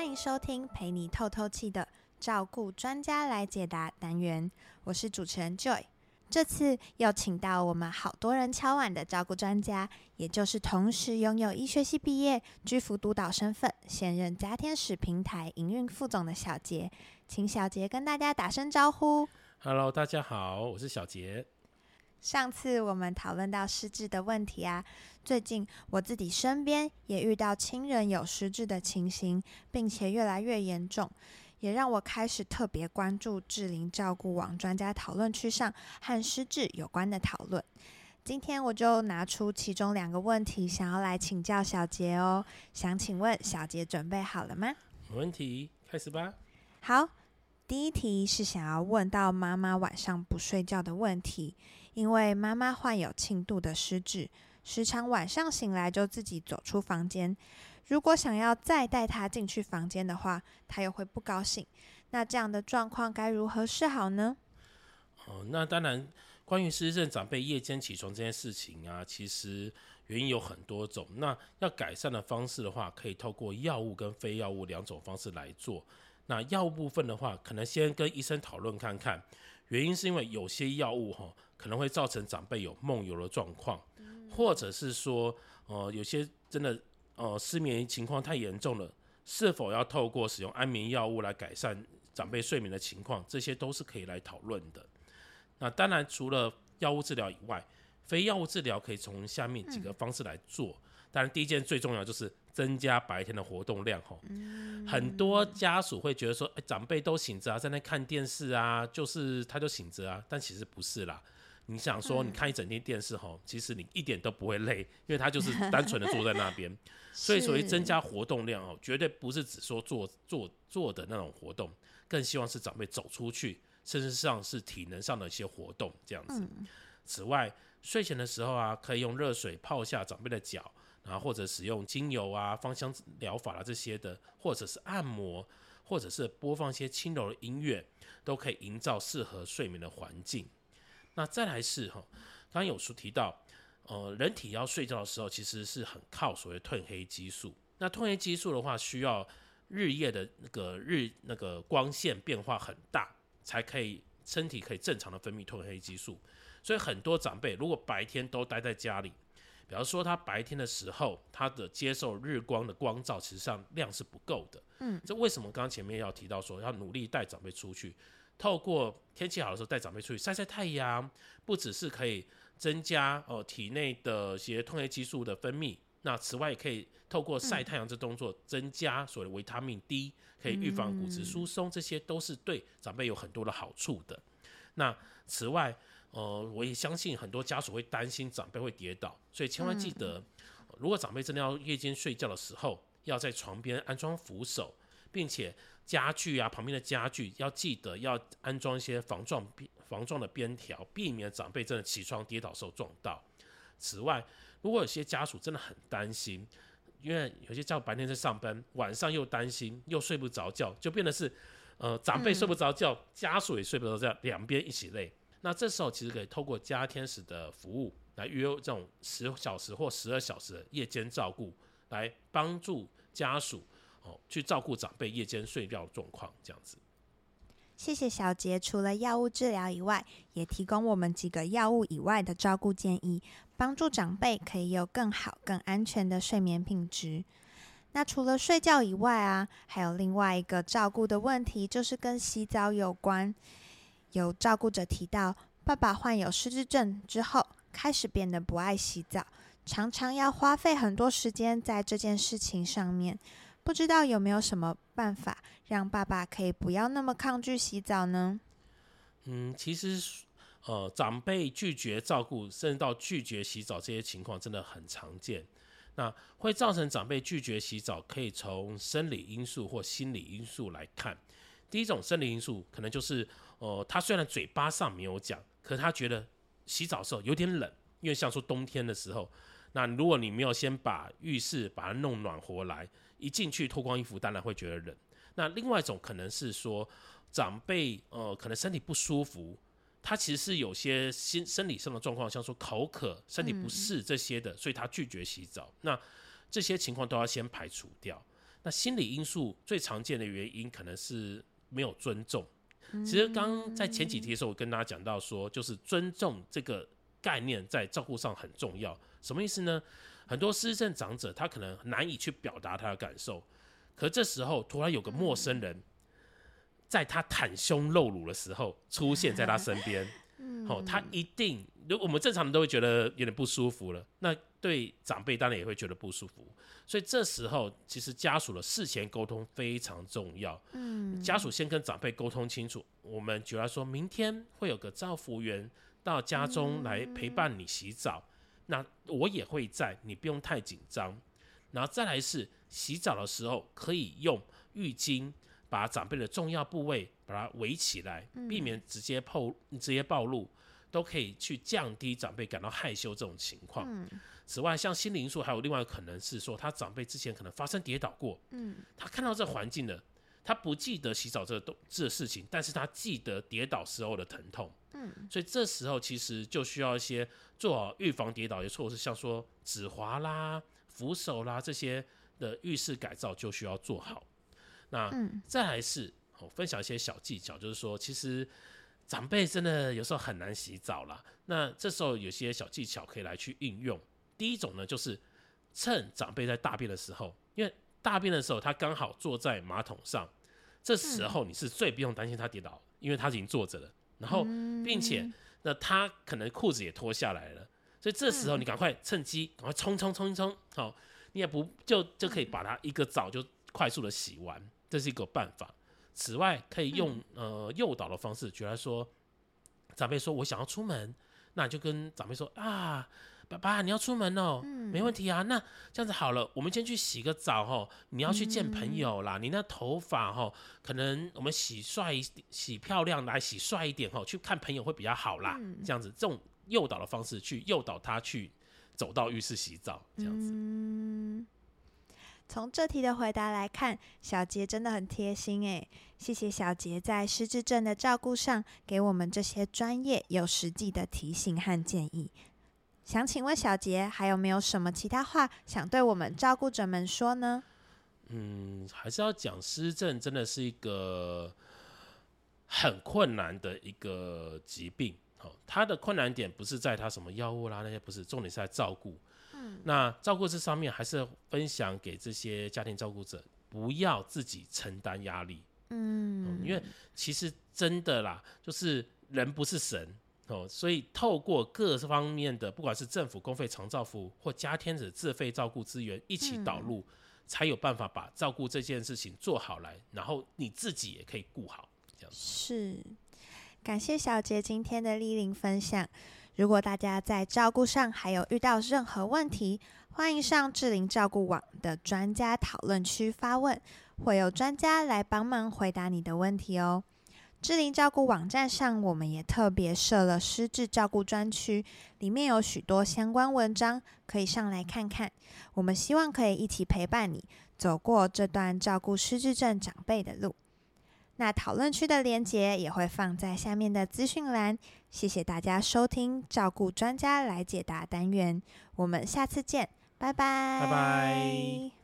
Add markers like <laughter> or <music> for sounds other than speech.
歡迎收聽陪你透透氣的照顧專家來解答單元，我是主持人 Joy。這次又請到我們好多人敲碗的照顧專家，也就是同時擁有醫學系畢業、居服督導身份、現任家天使平台營運副總的小杰，請小杰跟大家打聲招呼。Hello，大家好，我是小杰。上次我們討論到失智的問題啊，最近我自己身邊也遇到親人有失智的情形，並且越來越嚴重，也讓我開始特別關注智齡照顧網專家討論區上和失智有關的討論。今天我就拿出其中兩個問題，想要來請教小傑哦。想請問小傑準備好了嗎？沒問題，開始吧。好，第一題是想要問到媽媽晚上不睡覺的問題。因為媽媽患有輕度的失智，時常晚上醒來就自己走出房間。如果想要再帶她進去房間的話，她又會不高興。那這樣的狀況該如何是好呢？哦、呃，那當然，關於失智症長輩夜間起床這件事情啊，其實原因有很多種。那要改善的方式的話，可以透過藥物跟非藥物兩種方式來做。那藥物部分的話，可能先跟醫生討論看看原因，是因為有些藥物哈。可能會造成長輩有夢遊的狀況，或者是說，呃，有些真的，呃，失眠情況太嚴重了，是否要透過使用安眠藥物來改善長輩睡眠的情況？這些都是可以來討論的。那當然，除了藥物治療以外，非藥物治療可以從下面幾個方式來做。當然，第一件最重要就是增加白天的活動量。吼，很多家屬會覺得說，哎，長輩都醒着啊，在那看電視啊，就是他就醒着啊，但其實不是啦。你想說你看一整天電視吼，嗯、其實你一點都不會累，因為他就是單純的坐在那邊。 <laughs> 是所以所謂增加活動量哦，絕對不是只說坐、坐、坐的那種活動，更希望是長輩走出去，甚至上是體能上的一些活動這樣子。嗯、此外，睡前的時候啊，可以用熱水泡下長輩的腳，然後或者使用精油啊、芳香療法啊這些的，或者是按摩，或者是播放一些輕柔的音樂，都可以營造適合睡眠的環境。那再來是哈，剛剛有說提到，呃，人體要睡覺的時候，其實是很靠所謂褪黑激素。那褪黑激素的話，需要日夜的那個日那個光線變化很大，才可以身體可以正常的分泌褪黑激素。所以很多長輩如果白天都待在家裡，比方說他白天的時候，他的接受日光的光照，其實上量是不夠的。嗯，這為什麼？剛前面要提到說，要努力帶長輩出去。透過天氣好的時候，帶長輩出去晒晒太陽，不只是可以增加哦、呃、體內的一些褪黑激素的分泌，那此外也可以透過晒太陽這動作，增加所謂的維他命 D，可以預防骨質疏鬆，這些都是對長輩有很多的好處的。那此外，呃，我也相信很多家屬會擔心長輩會跌倒，所以千萬記得，呃，如果長輩真的要夜間睡覺的時候，要在床邊安裝扶手。並且家具啊，旁邊的家具要記得要安裝一些防撞邊、防撞的邊條，避免長輩真的起床跌倒時候撞到。此外，如果有些家屬真的很擔心，因為有些家屬白天在上班，晚上又擔心又睡不着覺，就變得是呃長輩睡不着覺，嗯、家屬也睡不着覺，兩邊一起累。那這時候其實可以透過家天使的服務來約這種十小時或十二小時的夜間照顧，來幫助家屬。哦，去照顧長輩夜間睡覺狀況這樣子。謝謝小杰。除了藥物治療以外，也提供我們幾個藥物以外的照顧建議，幫助長輩可以有更好、更安全的睡眠品質。那除了睡覺以外啊，還有另外一個照顧的問題，就是跟洗澡有關。有照顧者提到，爸爸患有失智症之後，開始變得不愛洗澡，常常要花費很多時間在這件事情上面。不知道有沒有什麼辦法讓爸爸可以不要那麼抗拒洗澡呢？嗯，其實呃，長輩拒絕照顧，甚至到拒絕洗澡這些情況真的很常見。那會造成長輩拒絕洗澡，可以從生理因素或心理因素來看。第一種生理因素，可能就是呃，他雖然嘴巴上沒有講，可是他覺得洗澡的時候有點冷，因為像說冬天的時候。那如果你沒有先把浴室把它弄暖和來，一進去脫光衣服，當然會覺得冷。那另外一種可能是說，長輩呃可能身體不舒服，他其實是有些心生理上的狀況，像說口渴、身體不適這些的，嗯、所以他拒絕洗澡。那這些情況都要先排除掉。那心理因素最常見的原因可能是沒有尊重。其實剛在前幾集的時候，我跟大家講到說，就是尊重這個概念在照顧上很重要。什麼意思呢？很多失智長者，他可能難以去表達他的感受，可這時候突然有個陌生人，在他袒胸露乳的時候出現在他身邊，嗯、哦，他一定，如果我們正常人都會覺得有點不舒服了，那對長輩當然也會覺得不舒服，所以這時候其實家屬的事前溝通非常重要。嗯，家屬先跟長輩溝通清楚，我們主要說明天會有個照服員到家中來陪伴你洗澡。嗯嗯。那我也會在，你不用太緊張。然後再來是洗澡的時候，可以用浴巾把長輩的重要部位把它圍起來，避免直接曝直接暴露，都可以去降低長輩感到害羞這種情況。嗯、此外，像心靈樹，還有另外可能是說，他長輩之前可能發生跌倒過，嗯，他看到這環境了，他不記得洗澡這東這事情，但是他記得跌倒時候的疼痛。嗯，所以這時候其實就需要一些做好預防跌倒的措施，像說止滑啦、扶手啦這些的浴室改造就需要做好。那再來是，哦，分享一些小技巧，就是說其實長輩真的有時候很難洗澡啦，那這時候有些小技巧可以來去運用。第一種呢，就是趁長輩在大便的時候，因為大便的時候他剛好坐在馬桶上，這時候你是最不用擔心他跌倒，因為他已經坐着了。然後，並且，那他可能褲子也脫下來了，所以這時候你趕快趁機，趕快衝衝衝衝，衝，好，你也不就就可以把他一個澡就快速的洗完，這是一個辦法。此外，可以用呃誘導的方式，比如說長輩說我想要出門，那就跟長輩說啊。爸爸，你要出門哦，嗯、沒問題啊。那這樣子好了，我們先去洗個澡吼。你要去見朋友啦，嗯、你那頭髮吼，可能我們洗帥一洗漂亮來洗帥一點吼，去看朋友會比較好啦。嗯、這樣子，這種誘導的方式去誘導他去走到浴室洗澡，這樣子。嗯、從這題的回答來看，小杰真的很貼心、欸、謝謝小杰在失智症的照顧上給我們這些專業有實際的提醒和建議。想請問小杰，還有沒有什麼其他話想對我們照顧者們說呢？嗯，還是要講失智症真的是一個很困難的一個疾病。好、哦，它的困難點不是在它什麼藥物啦那些，不是，重點是在照顧。嗯，那照顧這上面還是分享給這些家庭照顧者，不要自己承擔壓力。嗯、哦，因為其實真的啦，就是人不是神。哦、所以，透過各方面的，不管是政府公費長照服務或家天使自費照顧資源一起導入，嗯、才有辦法把照顧這件事情做好來，然後你自己也可以顧好。是，感謝小杰今天的莅臨分享。如果大家在照顧上還有遇到任何問題，歡迎上智齡照顧網的專家討論區發問，會有專家來幫忙回答你的問題哦。智齡照顧網站上，我們也特別設了失智照顧專區，裡面有許多相關文章，可以上來看看。我們希望可以一起陪伴你走過這段照顧失智症長輩的路。那討論區的連接也會放在下面的資訊欄。謝謝大家收聽照顧專家來解答單元，我們下次見，拜拜，拜拜。